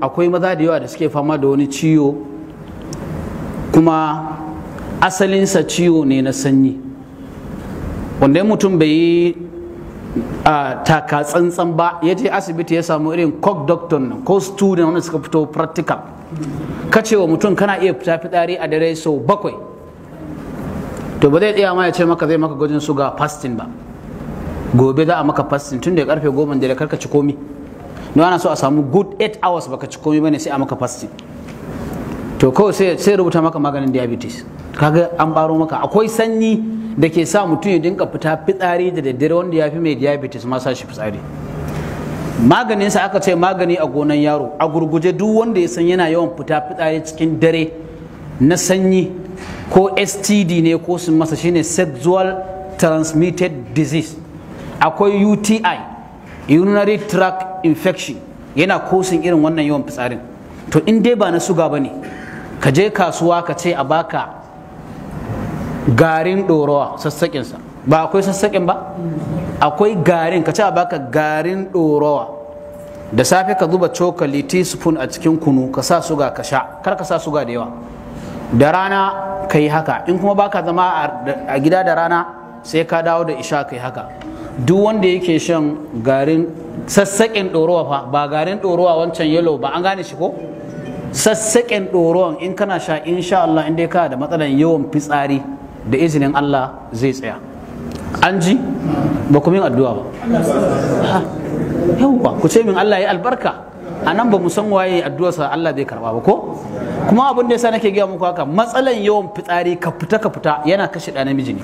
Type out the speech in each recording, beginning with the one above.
akwai maza da yawa da suke fama da wani ciwo kuma asalinsa ciwo ne na sanyi wanda mutum bai yi taka tsantsan ba ya je asibiti ya samu irin cock doctor ko student wanda suka fito practical ka ce wa mutum kana iya fita fitsari a dare sau bakwai to ba zai tsaya ma ya ce maka zai maka gwajin suga fasting ba gobe za a maka fasting tun da karfe goma da karka ci komi don ana so a samu good 8 hours baka ci komai bane sai a maka fasting to kawai sai rubuta maka maganin diabetes kaga an baro maka akwai sanyi da ke sa mutum ya dinka fita fitsari da daddare wanda ya fi mai diabetes ma sa shi fitsari maganinsa aka ce magani a gonan yaro a gurguje duk wanda ya san yana yawan fita fitsari cikin dare na sanyi ko std ne ko sun masa shine sexual transmitted disease akwai uti urinary tract infection yana kosin irin wannan yawan fitsarin to in dai ba na suga ba ne ka je kasuwa ka ce a baka garin ɗorawa sassaƙinsa ba akwai sassaƙin ba akwai garin ka ce a baka garin ɗorawa da safe ka zuba cokali teaspoon a cikin kunu ka sa suga ka sha kar ka sa suga da yawa da rana ka yi haka in kuma baka zama a gida da rana sai ka dawo da isha ka yi haka duk wanda yake shan garin sassaƙin ɗorowa fa ba garin ɗorowa wancan yalo ba an gane shi ko sassaƙin ɗorowan in kana sha insha Allah in dai ka da matsalan yawan fitsari da izinin Allah zai tsaya an ji ba ku min addu'a ba yawwa ku ce min Allah ya albarka a nan ba mu san waye addu'arsa Allah zai karba ba ko kuma abin da yasa nake gaya muku haka matsalan yawan fitsari ka fita ka fita yana kashe da namiji ne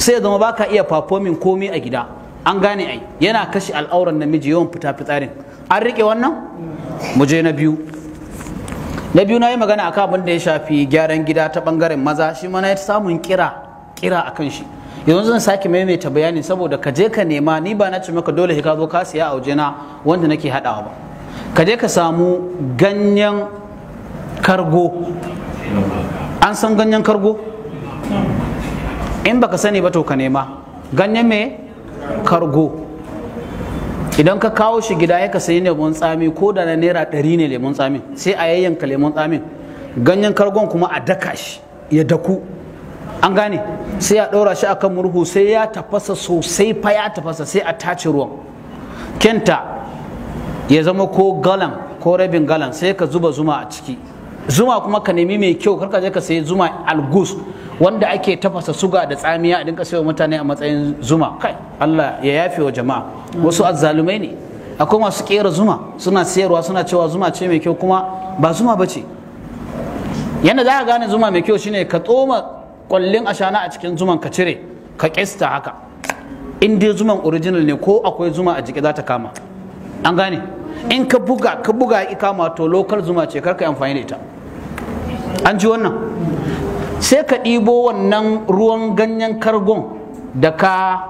sai ya zama baka iya performing komai a gida an gane ai yana kashe al'auran namiji yawan fita fitsarin an rike wannan mu je na biyu na biyu na yi magana akan abin da ya shafi gyaran gida ta bangaren maza shi mana ya samun kira kira kan shi yanzu zan sake maimaita bayani saboda ka je ka nema ni ba na ce maka dole ka zo ka siya a wajena wanda nake haɗawa ba ka je ka samu ganyen kargo an san ganyen kargo in baka sani ba to ka nema ganyen me kargo idan ka kawo shi gida ya ka sayi lemun tsami ko da na naira ɗari ne lemun tsamin sai a yayyanka lemun tsamin ganyen kargon kuma a daka shi ya daku an gane sai a ɗora shi akan murhu sai ya tafasa sosai fa ya tafasa sai a tace ruwan kenta ya zama ko galan ko rabin galan sai ka zuba zuma a ciki zuma kuma ka nemi mai kyau karka je ka sayi zuma algus wanda ake tafasa suga da tsamiya a dinka sayo mutane a matsayin zuma kai Allah ya yafe wa jama'a wasu azzalumai ne akwai masu kera zuma suna sayarwa suna cewa zuma ce mai kyau kuma ba zuma ba ce yadda za ka gane zuma mai kyau shine ka tsoma kwallin ashana a cikin zuman ka cire ka kista haka in dai zuman original ne ko akwai zuma a jiki za ta kama an gane in ka buga ka buga ya kama to lokal zuma ce karka amfani da ita an ji wannan sai ka ɗibo wannan ruwan ganyen kargon da ka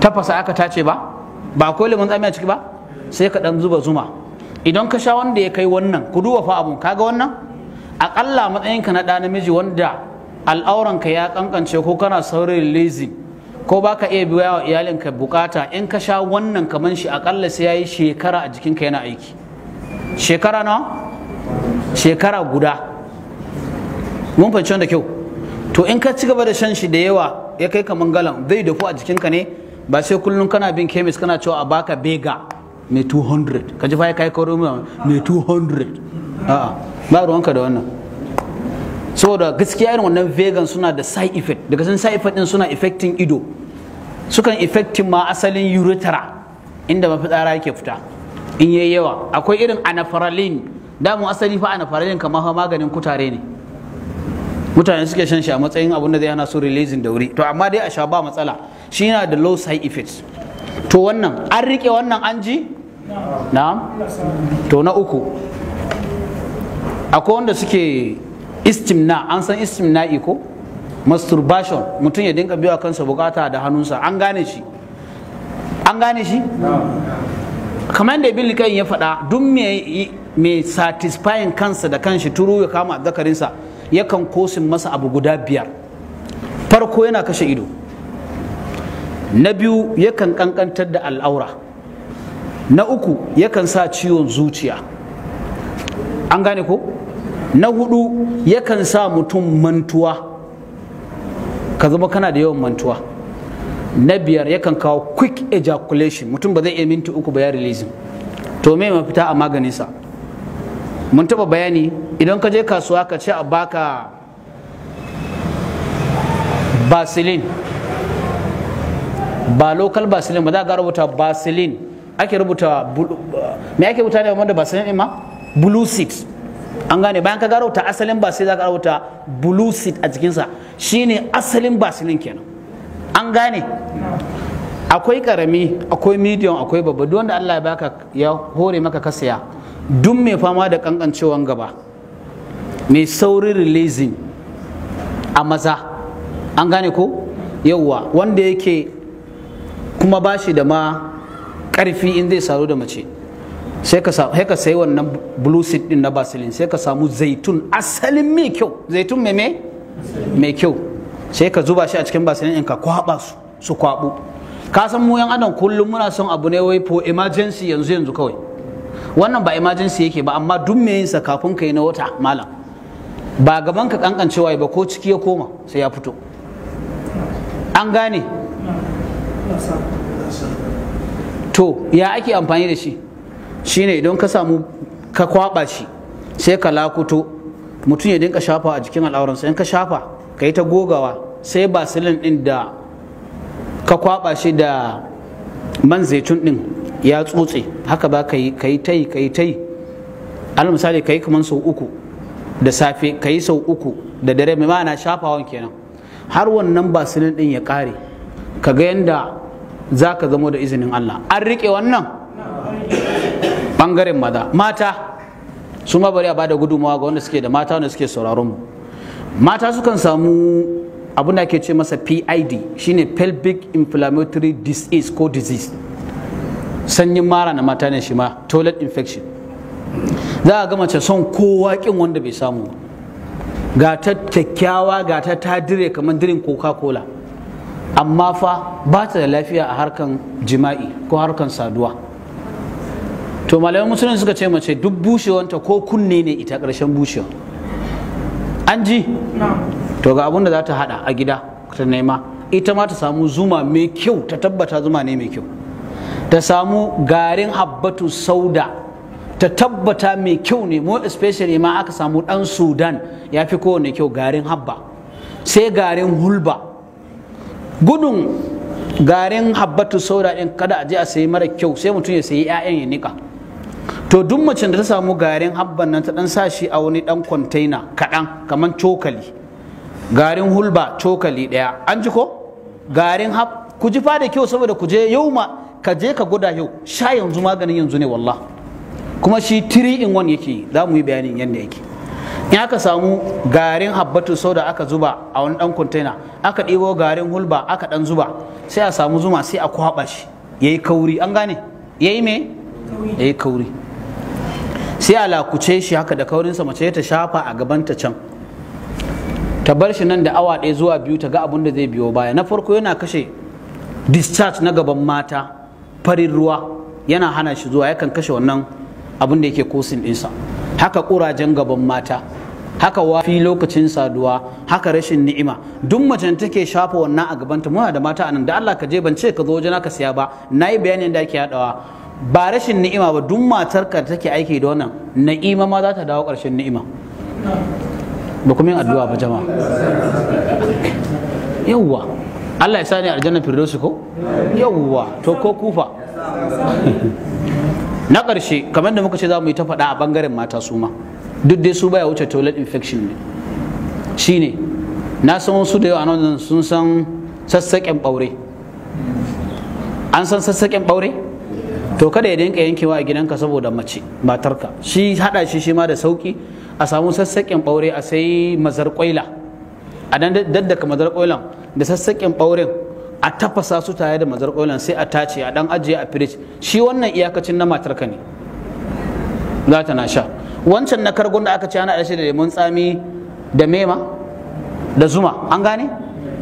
tafasa aka tace ba ba akwai lemun tsami a ciki ba sai ka ɗan zuba zuma idan ka sha wanda ya kai wannan ku duba fa abun kaga wannan aƙalla matsayinka na ɗa namiji wanda al'auranka ya ƙanƙance ko kana saurin lazy ko ba ka iya biya wa iyalinka bukata in ka sha wannan kaman shi aƙalla sai ya yi shekara a jikinka yana aiki shekara na shekara guda mun fahimci wanda kyau to in ka ci gaba da shan shi da yawa ya kai kaman galan zai dafu a jikinka ne ba sai kullum kana bin kemis kana cewa a baka bega mai 200 ka ji fa ya kai karo mai 200 a'a ba ruwanka da wannan saboda gaskiya irin wannan vegan suna da side effect daga sun side effect din suna affecting ido sukan affecting ma asalin urethra inda mafitsara yake fita in yayi yawa akwai irin anafralin damu asali fa anafralin kamar maganin kutare ne mutane suke shan shi a matsayin abin da zai hana su releasing da wuri to amma dai a sha ba matsala shi yana da low side effects to wannan an rike wannan an ji na to na uku akwai wanda suke istimna an san istimna iko masturbation mutum ya dinka a kansa bukata da hannunsa an gane shi an gane shi kamar da ibn ya faɗa duk mai satisfying kansa da kanshi turu ya kama zakarinsa yakan kosin masa abu guda biyar farko yana kashe ido na biyu yakan kankantar da al'aura na uku yakan sa ciwon zuciya an gane ko na hudu yakan sa mutum mantuwa ka zama kana da yawan mantuwa na biyar yakan kawo quick ejaculation mutum ba zai iya minti uku ba ya releasing to me mafita a maganinsa mun taba bayani idan ka je kasuwa ka ce a baka basilin ba local basilin ba za ga rubuta basilin ake rubuta me ake rubuta ne ba da basilin ima blue seed an gane bayan ka rubuta asalin basilin za ka rubuta blue seed a jikinsa shine asalin basilin kenan an gane akwai karami akwai medium akwai babba duk wanda Allah ya baka ya hore maka ka saya duk mai fama da kankancewan gaba mai saurin releasing a maza an gane ko yauwa wanda yake kuma ba shi da ma karfi in zai saro da mace sai ka sai wannan blue seed din na basilin sai ka samu zaitun asalin mai kyau zaitun mai mai mai kyau sai ka zuba shi a cikin basilin in ka kwaba su su kwabu ka mu yan adam kullum muna son abu ne wai for emergency yanzu yanzu kawai wannan ba emergency yake ba amma duk me yinsa kafin ka yi na wata malam ba gaban ka kankancewa ba ko ciki ya koma sai ya fito an gane to ya ake amfani da shi shine idan ka samu ka kwaba shi sai ka lakuto mutum ya dinka shafa a jikin al'auran sai ka shafa ka yi ta gogawa sai ba silin din da ka kwaba shi da man zaitun din ya tsotse haka ba ka yi kai tai kai tai al misali kai kaman sau uku da safe kai sau uku da dare mai ma'ana shafawan kenan har wannan ba basilin din ya kare ka ga yanda za ka zamo da izinin Allah an rike wannan bangaren maza mata su ma bari a bada gudunmawa ga wanda suke da mata wanda suke sauraron mu mata sukan samu abin da ake ce masa PID shine pelvic inflammatory disease ko disease sanyin mara na mata ne shi ma toilet infection za a ga mace son kowa kin wanda bai samu ga ta kyakkyawa ga ta ta dire kamar dirin coca cola amma fa ba ta da lafiya a harkan jima'i ko harkan saduwa to malamai musulun suka ce mace duk bushewanta ko kunne ne ita karshen bushewa an ji to ga abun da za ta hada a gida ta nema ita ma ta samu zuma mai kyau ta tabbata zuma ne mai kyau ta samu garin habbatu sauda ta tabbata mai kyau ne mo especially ma aka samu dan sudan ya fi kowane kyau garin habba sai garin hulba gudun garin habbatu sauda ɗin kada a je a sayi mara kyau sai mutum ya sayi 'ya'yan ya nika to duk macen da ta samu garin habban nan ta dan sa shi a wani dan container kaɗan kamar cokali garin hulba cokali ɗaya an ji ko garin hab ku ji fa da kyau saboda ku je yau ma ka je ka guda yau sha yanzu maganin yanzu ne wallah kuma shi 3 in 1 yake za mu yi bayanin yadda yake in aka samu garin habbatu da aka zuba a wani dan container aka ɗibo garin hulba aka dan zuba sai a samu zuma sai a kwaba shi Ya yi kauri an gane ya mai me yi kauri sai a lakuce shi haka da kaurinsa mace ta shafa a gabanta can ta bar shi nan da awa ɗaya zuwa biyu ta ga abin da zai biyo baya na farko yana kashe discharge na gaban mata farin ruwa yana hana shi zuwa yakan kashe wannan abin da yake kosin ɗinsa haka ƙurajen gaban mata haka wafi lokacin saduwa haka rashin ni'ima duk macen take shafa wannan a gabanta muna da mata anan da Allah ka je ban ce ka zo wajen ka siya ba na yi bayanin da ake hadawa ba rashin ni'ima ba duk matar ka take aiki da wannan na'ima ma za ta dawo karshen ni'ima ba kuma yin addu'a ba jama'a yawwa Allah ya sani aljanna firdausi ko yawwa to ko kufa na ƙarshe kamar da muka ce za mu yi ta faɗa a ɓangaren mata su ma duk dai su baya wuce toilet infection ne shine na san wasu da yawa nan sun san sassaƙen ɓaure an san sassaƙen ɓaure to kada ya dinka yankewa a gidanka saboda mace matarka shi haɗa shi shi ma da sauƙi a samu sassaƙen ɓaure a sai mazarƙwaila a nan daddaka mazar kolan da sassaƙin ɓaurin a tafasa su tare da mazar kolan sai a tace a ɗan ajiye a firij shi wannan iyakacin na matar ka ne za ta na sha wancan na kargon da aka ce ana da shi da lemon tsami da mema da zuma an gane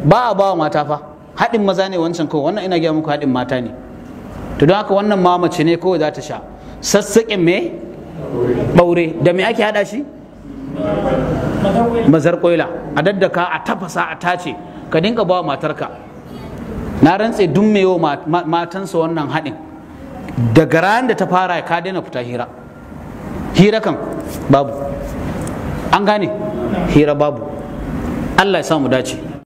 ba a ba wa mata fa haɗin maza ne wancan kawai wannan ina gaya muku haɗin mata ne to don haka wannan mamace ne kawai za ta sha sassaƙin me ɓaure da me ake haɗa shi mazar koila a daddaka a tafasa a tace ka dinka ba matarka na rantse dun mai yau matansa wannan haɗin daga ran da ta fara ka daina fita hira hira kan babu an gane hira babu allah ya samu dace